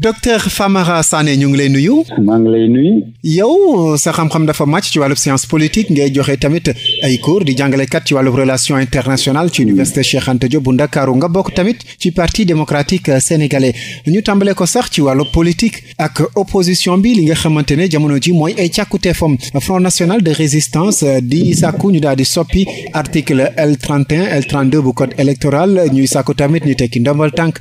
docteur Famara Sané ñu ngi lay nuyu. maa ngi yow sa xam-xam dafa màcc ci wàllu science politique ngay joxe tamit ay cours di jàngalekat ci wàllu relation internationale ci université Cheikh Anta Ndakaaru nga bokk tamit ci parti démocratique sénégalais ñu tàmbale ko sax ci wàllu politique ak opposition bi li nga xamante ne jamono ji mooy ay càkkuteefam Front national de résistance euh, di sàkku ñu daal di soppi article L31 L32 bu code électoral ñuy sàkku tamit ñu tekki ndombal tànk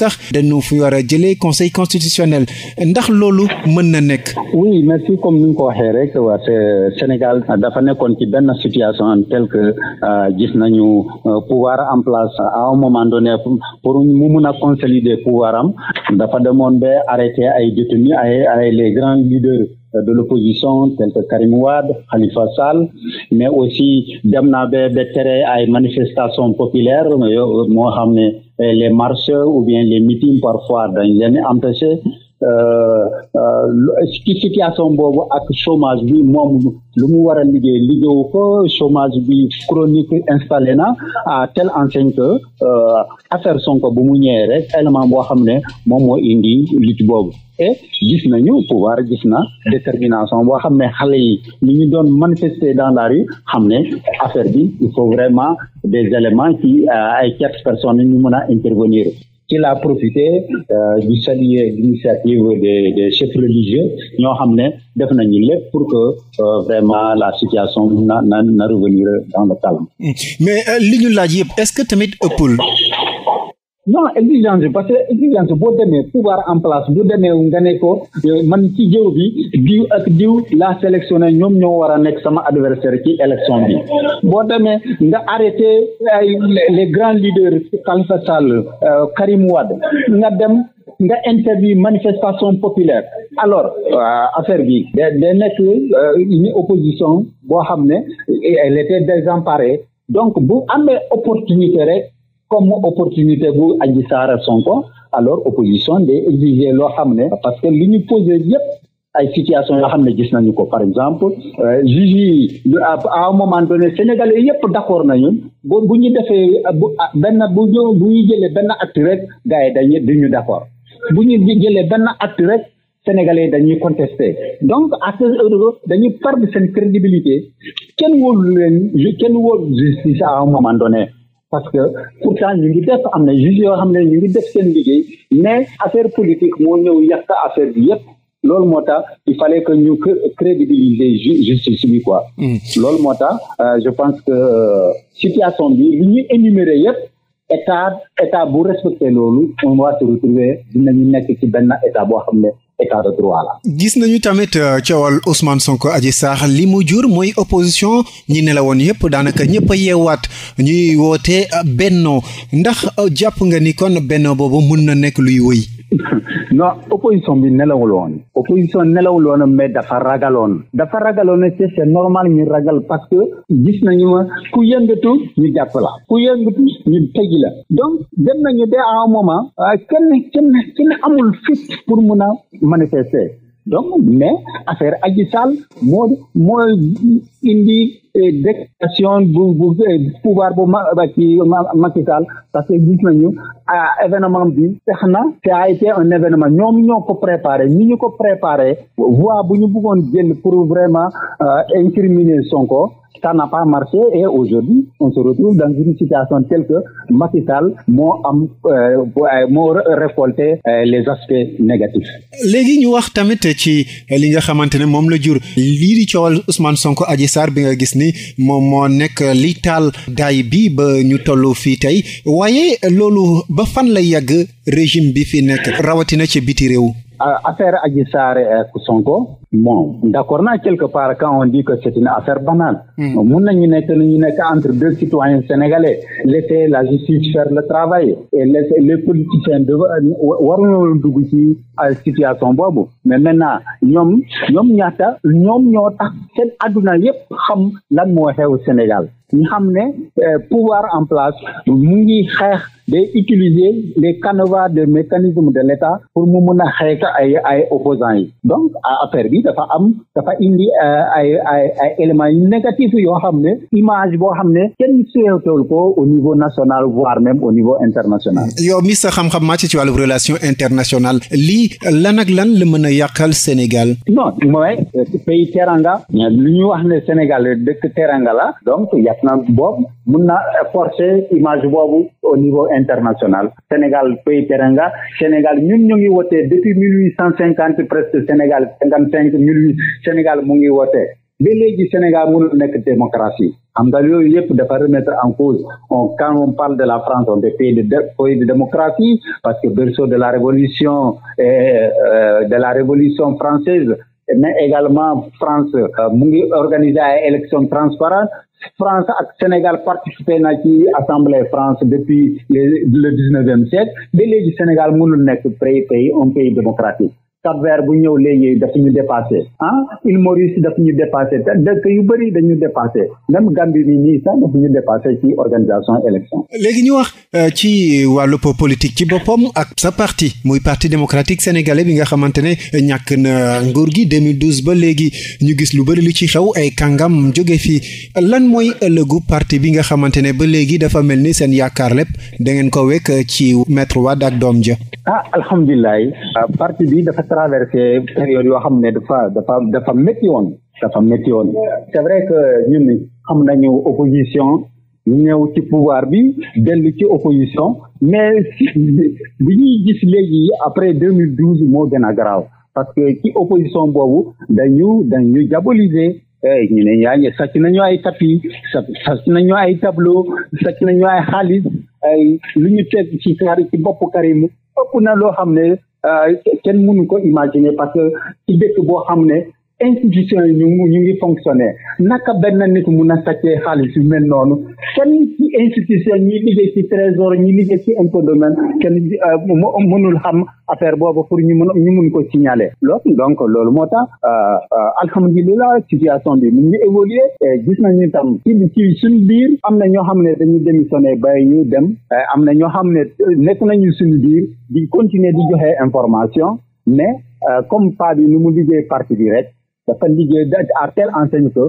sax dañu fi war a jëlee conseil constitutionnel ndax loolu mën na nekk. oui merci comme ni nga ko waxee rek waa Sénégal dafa nekkoon ci benn situation en tel que euh, gis nañu euh, pouvoir en place à un moment donné pour mu mun a consolider pouvoir am dafa demoon ba arrêté ay détenus ay ay les grands leaders. de l'opposition tel que Karim Wade Khalifa Sall mais aussi dem naa ba ba ay manifestation populaire euh, moo xam ne euh, les marches ou bien les meetings parfois dañ leen empêché Euh, euh, ci situation boobu ak chômage bi moom lu mu war a liggéey liggéeyu ko chômage bi chronique installé na à telle enseigne que euh, affaire Sonko bu mu ñëwee rek élément boo xam ne moom moo indi lutte boobu et gis nañu pouvoir gis na détermination boo xam ne xale yi ni ñu doon manifester dans la rue xam ne affaire bi il faut vraiment des éléments ci ay tierces personnes ñu mën a intervenir qu'il a profité euh, du saluer l'initiative des, chefs religieux ñoo xam ne def nañu lépp pour que euh, vraiment la situation na na na revenir dans le calme. mais euh, li ñu est-ce que tamit ëppul non exigence bi parce que exigence boo demee pouvoir en place bu demee nga ne ko euh, man ci jëw bi diw ak diw la sélectionné ñoom ñoo war a nekk sama adversaire ci élection bi boo demee nga arrêté ay les grands leaders Khalifa Sall euh, Karim Wade nga dem nga interview manifestation populaire alors euh, affaire bi da nekk une opposition boo xam ne elle était donc bu amee opportunité rek comme opportunité bu Adji Sarr ak Sonko alors opposition day exiger loo xam ne parce que li ñu posé yëpp ay situation yoo xam ne gis nañu ko par exemple euh, juge yi à un moment donné sénégalais yëpp d'accord nañu bu bu ñu defee bu benn bu ñu bu ñu jëlee benn acte rek gars yi dañuy duñu d'accord bu ñu jëlee benn acte rek sénégalais dañuy contester donc à ce heure dañuy seen crédibilité kenn wóolu leen kenn wóolu justice à un moment donné parce que pourtant ñu ngi def am na juge yoo xam ne ñu ngi def seen liggéey mais affaire politique moo ñëw yàq affaire bi yépp loolu moo tax il fallait que ñu crédibiliser justice bi quoi. Mm. loolu moo tax euh, je pense que euh, situation bi li ñuy énumérer yépp état état bu respecté loolu on va se retrouver dinañu nekk ci benn état boo xam ne. état de droit gis nañu tamit euh, coowal Ousmane Sonko Adji Sarr li mu jur mooy opposition ñi ne la woon yëpp daanaka ñëpp a yeewaat ñuy woote euh, bennoo ndax euh, jàpp nga ni kon bennoo boobu mun na nekk luy wëy. non opposition bi nelawul woon opposition nelawul woon mais dafa ragaloon dafa ragaloon te c'est normal ñu ragal parce que gis nañu ma ku yëngatu ñu jàpp la ku yëngatu ñu tëj la donc dem nañu de à un moment ah, kenn kenn kenn amul fit pour mun a manifester donc mais affaire Adji Sarr moo moo indi déclaration bu bu eh, pouvoir bu ma ci Macky Sall parce que gis nañu ah, événement bi tax na ça a été un événement ñoom ñoo ko préparé ñu ñu ko préparé voie bu ñu bëggoon jël pour vraiment euh, incriminer Sonko ça n'a marché et aujourd'hui on se retrouve dans une situation telle que Macky moo am euh, euh, les aspects négatifs. léegi ñu wax tamit ci li nga xamante ne moom la jur lii di coowal Sonko aji Sarr bi nga gis ni moom moo nekk li taal daay bi ba ñu toll fii tey waaye loolu ba fan la yàgg régime bi fi nekk rawatina ci biti réew. Euh, affaire Adji Sarr Sonko. bon d'accord naa quelque part quand on dit que c'est une affaire banale hmm. mun nañu nekk ni ñu nekk entre deux citoyens sénégalais laisser la justice faire le travail et laisser les politiciens de waruñu dugg ci euh, situation boobu mais maintenant ñoom ñoom ñaata ñoom ñoo tax seen adduna yépp xam lan moo xew Sénégal ñu xam ne euh, pouvoir en place mu ngi xeex day utiliser les canevas de mécanisme de l'État pour mu mun a xeex ay ay opposants yi donc affaire bi dafa am dafa indi euh, ay ay ay éléments yu négatifs yoo xam ne image boo xam ne kenn seetool ko au niveau national voire même au niveau international. yow mi sa xam-xam màcc ci wàllu relation internationale lii lan ak lan la mën a yàqal Sénégal. non mooy euh, pays teranga. lu ñu wax ne Sénégal dëkk teranga la donc exemple boobu mun na forcer image boobu au niveau international Sénégal pays teranga Sénégal ñun ñu ngi wootee depui mille huit cent cinquante presque Sénégal cinquante cinq mille huit Sénégal mu ngi wootee ba léegi Sénégal mënul nekk démocratie xam nga yooyu yëpp dafa remettre en cause on quand on parle de la France on est pays de pays de démocratie parce que berceau de la révolution et, euh, euh, de la révolution française mais également France euh, mu ngi organiser ay élections transparentes France ak Sénégal participé na ci assemblée France depuis le dix-neuvième siècle ba léegi Sénégal mënul nekk pays pays un pays démocratique Cap Vert bu ñëw léegi daf ñu dépassé ah île Maurice daf ñu dépassé te dëkk yu bëri dañu dépassé même Gambie bi nii sax daf ñu dépassé ci organisation élection léegi ñu wax euh, ci wàllu politique ci boppam ak sa parti muy parti démocratique sénégalais bi nga xamante ne ñàkk na nguur gi 2012 ba léegi ñu gis lu bëri lu ci xew ay kàngam jóge fi lan mooy ëllëgu parti bi nga xamante ne ba léegi dafa mel ni seen yaakaar lépp da ngeen ko wekk ci maître Wade ak doom ja ah traversé période yoo xam ne dafa dafa dafa métti woon dafa métti woon c'est vrai que ñun xam nañu opposition ñëw ci pouvoir bi dellu ci opposition mais li ñuy gis léegi après 2012 moo gën a garaaw parce que ci opposition boobu dañu dañu diaboliser eh, ñu ne yaa ngi sàcc nañu ay tapis sàcc nañu ay tableau sàcc nañu ay xaalis ay lu ñu teg ci kar ci bopp Karim na loo xam ne Euh, kenn mënu ko imaginer parce que ci dëkk boo xam ne institution yi ñu ñu ngi fonctionner naka benn nit mun a sàccee xaalis yu mel noonu kenn ci institution ñi liggéey ci trésor ñi liggéey ci impôt domaine kenn euh, mënul xam affaire boobu pour ñu mun ñu mun ko signaler loolu donc loolu moo tax euh, euh, alhamdulilah situation bi mu ngi évoluer gis nañu tam ci ci suñu biir am na ñoo xam ne dañu démissionné bay ñuy dem am na ñoo xam ne nekk nañu suñu biir di continuer di joxe information mais comme pas bi nu mu liggéey parti bi rek dafa liggéey da à telle enseigne que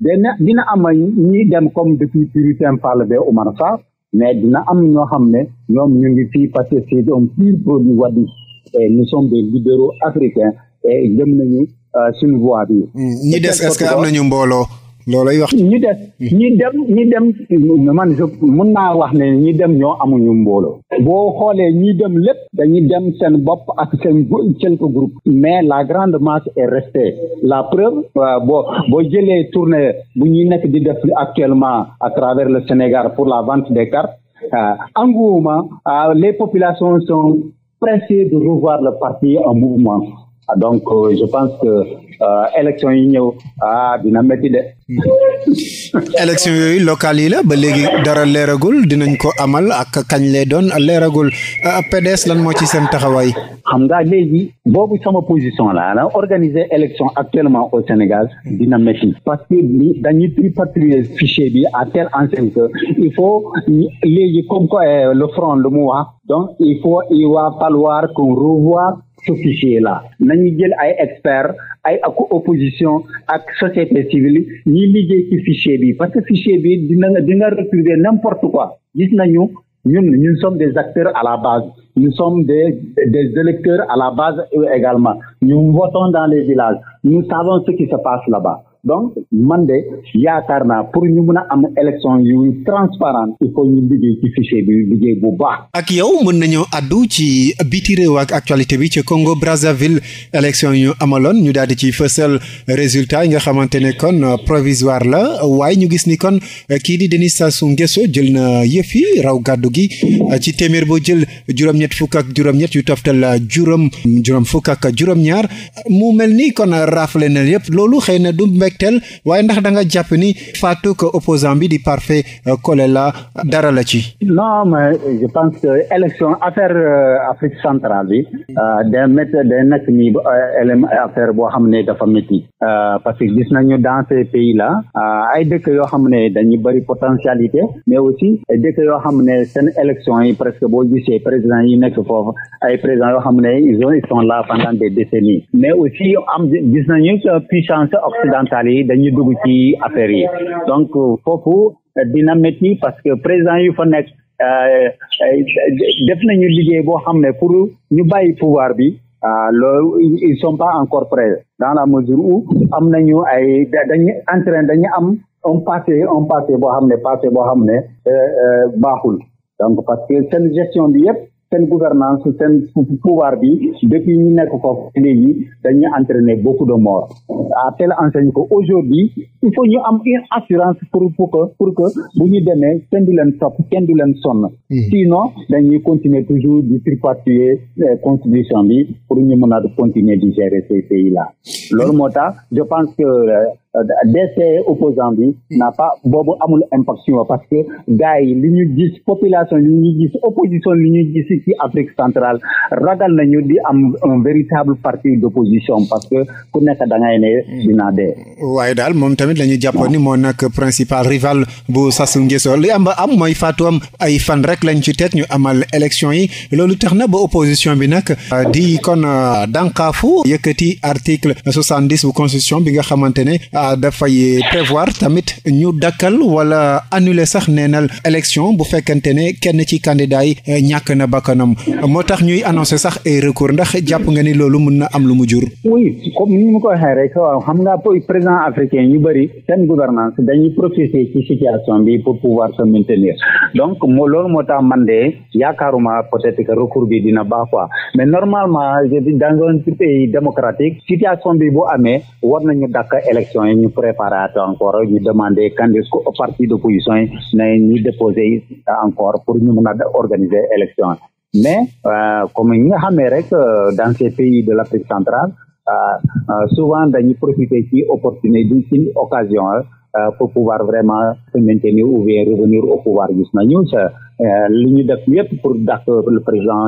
dina dina am ñi dem comme depuis puritain parle de Oumar Sarr mais dina am ñoo xam ne ñoom ñu ngi fii parce que c'est un pur produit Wadi et nous sommes des libéraux africains et jëm nañu euh, suñu voie bi. Hmm. ñi des est que am nañu mbooloo. loolay wax ñi des hmm. ñi dem ñi dem man je mun naa wax ne ñi dem ñoo amuñu mbooloo boo xoolee ñi dem lépp dañuy dem seen bopp ak seen quelque groupe mais la grande masse est restée la preuve boo boo jëlee tournée bu ñuy nekk di def actuellement à travers le Sénégal pour la vente des cartes euh, engouement euh, les populations sont pressées de revoir le parti en mouvement donc euh, je pense que. Euh, élection yi ñëw ah dina métti yooyu locales yi la ba léegi dara leeragul dinañ ko amal ak kañ lay doon leeragul euh, PDS lan moo ci seen taxawaay. xam nga léegi boobu sama position la la organiser élection actuellement au Sénégal dina métti parce que bi dañuy tripatouiller fichier bi à telle enseigne que il faut léegi comme quoi le front lu mu wax donc il faut il va falloir qu'on revoie ce la na nañu jël ay experts ay ak opposition ak société civile ñiy liggéey ci ficier bi parce que fichier bi dina di nga retrouver n'importe quoi gis nañu ñun ñun sommes des acteurs à la base nous somme des des électeurs à la base également nous votons dans les villages nous savons ce qui se passe là-bas donc man de yaakaar naa pour ñu mun a am élection yu transparente il faut ñu liggéey ci fichier bi liggéey bu baax. ak yow mën nañoo addu ci biti réew ak actualité bi ci Congo Brazzaville élection yu amaloon ñu daal di ci fësal résultat yi nga xamante ne kon provisoire la waaye ñu gis ni kon kii di Denis Sassou Nguesso jël na yëf yi raw gàddu gi ci téeméer boo jël juróom-ñett fukk ak juróom-ñett yu juróom juróom fukk ñaar mu mel ni kon raafale na yëpp loolu xëy na du mbéy tegtal waaye ndax da nga jàpp ni faatu que opposant bi di Parfait Kolela euh, euh, dara la ci. non mais je pense que élection affaire euh, Afrique centrale bi. day métti day nekk nii élément affaire boo xam ne dafa métti. parce que gis nañu dans ces pays là ay dëkk yoo xam ne dañu bëri potentialité mais aussi ay dëkk yoo xam ne seen élection yi presque boo gisee président yi nekk foofu ay président yoo xam ne ils sont là pendant des décennies mais aussi am gis nañu puissance occidentale. locales yi dañuy dugg ci affaire yi donc foofu dina métti parce que président yu fa nekk euh, def nañu liggéey boo xam ne pour ñu bàyyi pouvoir bi euh, loolu ils sont pas encore prêts dans la mesure où am nañu ay dañu entrain dañu am un passé un passé boo xam ne passé boo xam ne euh, baaxul donc parce que seen gestion bi yëpp seen gouvernance seen pouvoir bi depuis ñu nekk ko léegi dañuy entraîner beaucoup de morts à telle enseigne que aujourd'hui il faut ñu am une assurance pour pour que pour que bu ñu demee kenn du leen topp kenn du leen sonn hmm. sinon dañuy continuer toujours di tripatouiller eh, constitution bi pour ñu mën a continuer di gérer ces pays là loolu moo je pense que euh, Euh, DCE opposant bi hmm. n'a pas boobu amul impaction parce que gars yi li ñu gis population li ñu gis opposition li ñu gis ci Afrique centrale ragal nañu di am un véritable parti d'opposition parce que ku nekk da ngay ne hmm. dina dee waaye daal moom tamit la ñu jàppoon ni moo nag principal rival bu Sassou Nguesso li am ba am mooy faatu am ay fan rek lañ ci teg ñu amal élection yi loolu tax na ba opposition bi nag euh, di kon euh, dànkaafu yëkkati article soixante-dix bu constitution bi nga xamante ne loi dafay prévoir tamit ñu dakkal wala annuler sax neenal élection bu fekkente ne kenn ci candidat yi ñàkk na bakkanam moo tax ñuy annoncé sax ay recours ndax jàpp nga ni loolu mën na am lu mu jur. oui comme ni ma ko waxee rek waaw xam nga président africain yu bëri seen gouvernance dañuy profiter ci situation bi pour pouvoir se maintenir donc moo loolu moo tax man de yaakaaruma peut-être que recours bi dina baax quoi mais normalement dans un pays démocratique situation ne ñu préparé encore ñu demandé candidat ko parti d'opposition yi ne ñu déposer encore pour ñu mën a organiser élection mais euh, comme ñi nga xam rek euh, dans ces pays de l'Afrique centrale euh, souvent dañuy profiter ci opportunité ci occasion Euh, pour pouvoir vraiment se maintenir bien revenir au pouvoir gis euh, def yépp pour dàq le président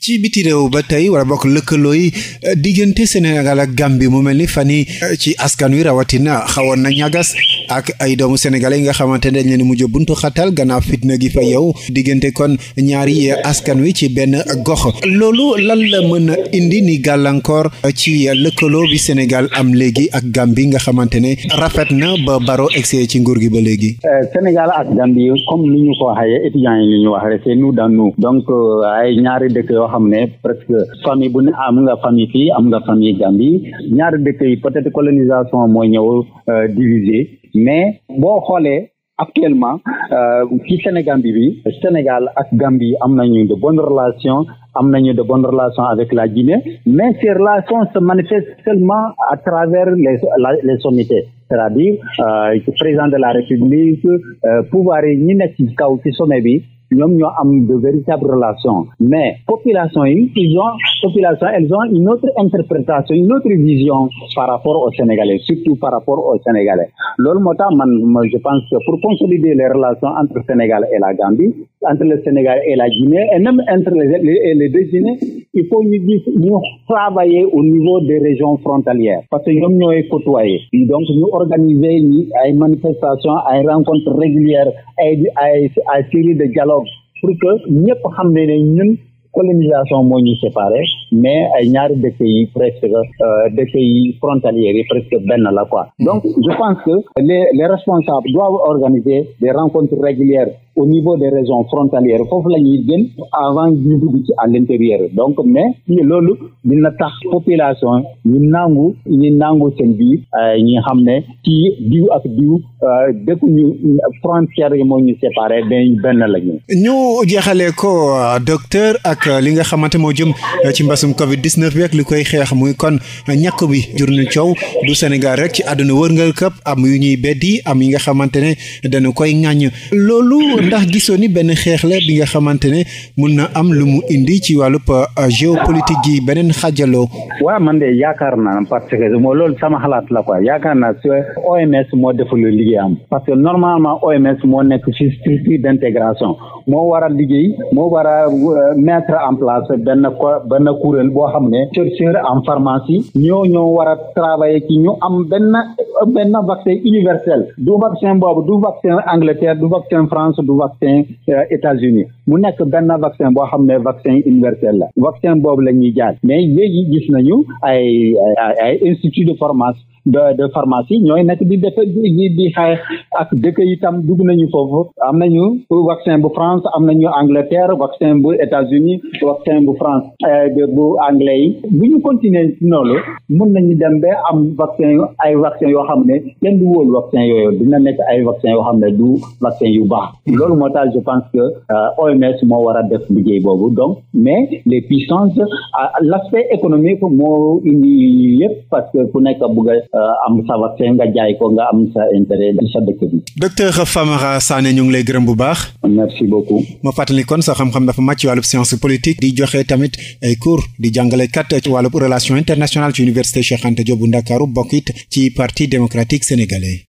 ci biti réew ba tey wala bokk lëkkaloo yi euh, diggante Sénégal ak Gambie mu mel ni fan yi ci askan wi rawatina xawoon na ñagas ak ay doomu sénégalais yi nga xamante ne dañ leen mujj buntu xatal gannaaw fitna gi fa yow diggante kon ñaari askan wi ci benn gox loolu lan la mën a indi ni gàllankoor ci lëkkaloo bi Sénégal am léegi ak Gambie nga xamante ne rafet na ba Barrow egsee ci nguur gi ba léegi. Eh, Sénégal ak Gambie comme ni ñu ko waxee étudiants yi ni ñu wax rek c'est nous dans donc euh, ay ñaari dëkk yoo xam ne presque famille bu ne am nga famille fii am nga famille Gambie ñaari dëkk yi peut-être colonisation mooy ñëw euh, diviser mais boo xoolee. actuellement euh, ci Sénégambie bi Sénégal ak Gambie am nañu de bonnes relations am nañu de bonnes relations avec la Guinée mais ces relations se manifestent seulement à travers les la, les sommités c'est-à-dire euh, président de la République euh, pouvoir yi ñi nekk ci kaw ci sommet bi ñoom ñoo am de véritables relations mais population yi ils ont population elles ont une autre interprétation une autre vision par rapport aux Sénégalais surtout par rapport aux Sénégalais loolu moo tax man je pense que pour consolider les relations entre Sénégal et la Gambie entre le Sénégal et la Guinée et même entre les, deux Guinées il faut ñu gis ñu travailler au niveau des régions frontalières parce que ñoom ñooy côtoyer donc ñu organiser ñi ay manifestations ay rencontres régulières ay ay ay série de dialogue pour que ñëpp xam ne ne ñun colonisation moo ñu séparé mais ay ñaari dëkk yi presque euh, dëkk yi frontalières presque benn la quoi mm. donc je pense que les les responsables doivent organiser des rencontres régulières au niveau des régions frontalières foofu la ñuy gën avant ñu dugg ci à l'intérieur donc mais loolu dina tax population ñu nangu ñu nangu seen biir euh, ñi xam ne kii diw ak diw euh, dëkkuñu frontières yi moo ñu séparé de benn la ñu. ñu jeexalee ko docteur ak euh, li nga xamante moo jëm euh, ci mbasum Covid 19 bi ak li koy xeex muy kon ñàkk bi jur na coow du Sénégal rek ci àdduna wërngal këpp am yu ñuy beddi am yi nga xamante ne dañu koy ŋàññ loolu ndax gisoo ni benn xeex la bi nga xamante ne mun na am lu mu indi ci wàllu wàllub euh, géopolitique gi beneen xajaloo. waaw man de yaakaar naa parce que moo loolu sama xalaat la quoi yaakaar naa su OMS moo deful liggéeyam parce que normalement OMS moo nekk si structure d'intégration mettre en place benn ko benn kuréel boo xam ne chercheur en pharmacie ñoo ñoo war a travailler ci ñu am benn benn vaccin universel du vaccin boobu du vaccin Angleterre du vaccin France du vaccin euh, États-Unis mu nekk benn vaccin boo xam ne vaccin universel la vaccin boobu la ñuy jaar mais léegi gis nañu ay ay institut de formation de de pharmacie ñooy nekk di def di di xeex ak dëkk itam dugg nañu foofu am nañu vaccin bu France am na nañu Angleterre vaccin bu États-Unis vaccin bu France eh, bu anglais yi bu ñu continuer ci mun mën ñu dem ba am vaccin ay vaccin yoo xam ne kenn du wóolu vaccin yooyu dina nekk ay vaccin yoo xam ne du vaccin yu baax loolu moo tax je pense que euh, OMS moo war a def liggéey boobu donc mais les puissances euh, l'aspect économique moo indi yëpp parce que ku nekk bëgg Uh, am sa vaccin nga jaay ko nga am sa intérêt ci sa dëkk bi. docteur Famara Sané ngi lay gërëm bu baax. merci ma fàttali kon sa xam-xam dafa màcc ci wàllub science politique di joxe tamit ay cours di jàngale kat ci wàllub relation internationale ci université Cheikh Anta bu Ndakaaru bokk it ci parti démocratique sénégalais.